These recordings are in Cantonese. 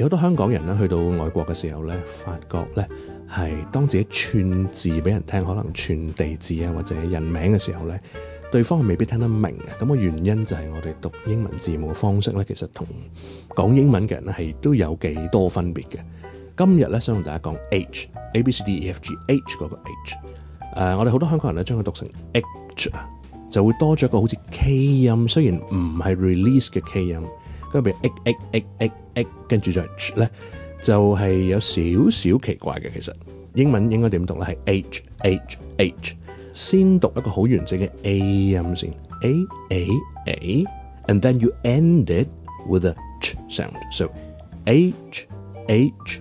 有好多香港人咧，去到外國嘅時候咧，發覺咧係當自己串字俾人聽，可能串地址啊或者人名嘅時候咧，對方係未必聽得明嘅。咁個原因就係我哋讀英文字母嘅方式咧，其實同講英文嘅人咧係都有幾多分別嘅。今日咧想同大家講 H A B C D E F G H 嗰個 H，誒，我哋好多香港人咧將佢讀成 H 啊，就會多咗一個好似 K 音，雖然唔係 release 嘅 K 音。跟住，譬如 a a a a a，跟住再 ch 咧，就係有少少奇怪嘅。其實英文應該點讀咧？係 h h h，先讀一個好完整嘅 a 音先。a a a，and then you end it with a ch sound。so h h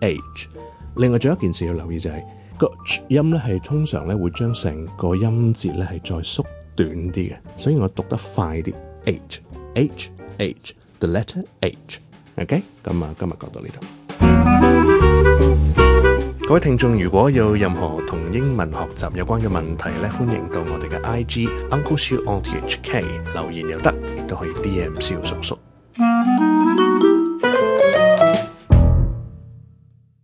h。另外仲有一件事要留意就係個 ch 音咧，係通常咧會將成個音節咧係再縮短啲嘅，所以我讀得快啲。h h h。The letter H，OK，咁啊，今日講到呢度。各位聽眾，如果有任何同英文學習有關嘅問題咧，歡迎到我哋嘅 IG Uncle Shiu on HK 留言又得，亦都可以 DM 小叔叔。